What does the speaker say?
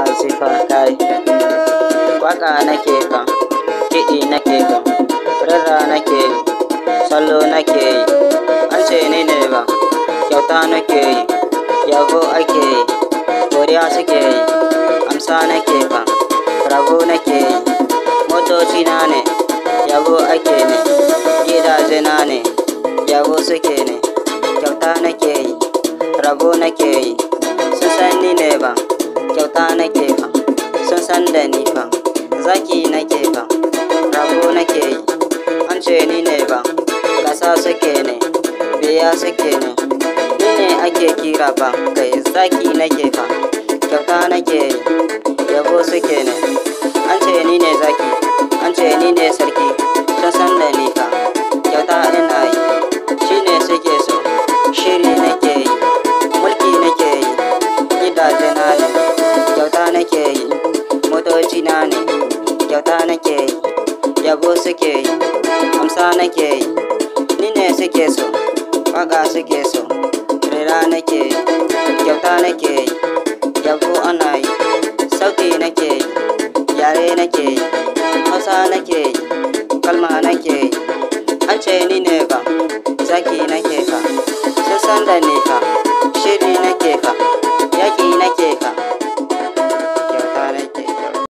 wa'azi fa kai waka nake kan kiɗi nake kan rarra nake yi sallo nake yi an ce ni ne ba kyauta nake yi yabo ake yi godiya suke yi amsa nake kan rabo nake yi motoci na ne yabo ake ne gidaje na ne yabo suke ne kyauta nake yi rabo nake yi su ne ba wasa nake fa sun san da ni fa zaki nake fa rabo nake yi an ce ni ne ba su suke ne biya suke ne ni ne ake kira ba kai zaki nake fa kyauta nake yi yabo suke ne an ce ni ne zaki an ce ni ne sarki nake yi motoci na ne kyauta nake yi yabo suke yi amsa nake yi ni ne suke so suke so rera nake yi kyauta nake yi yabo ana yi sauti nake yi yare nake yi hausa nake yi kalma nake yi an ce ni ne ba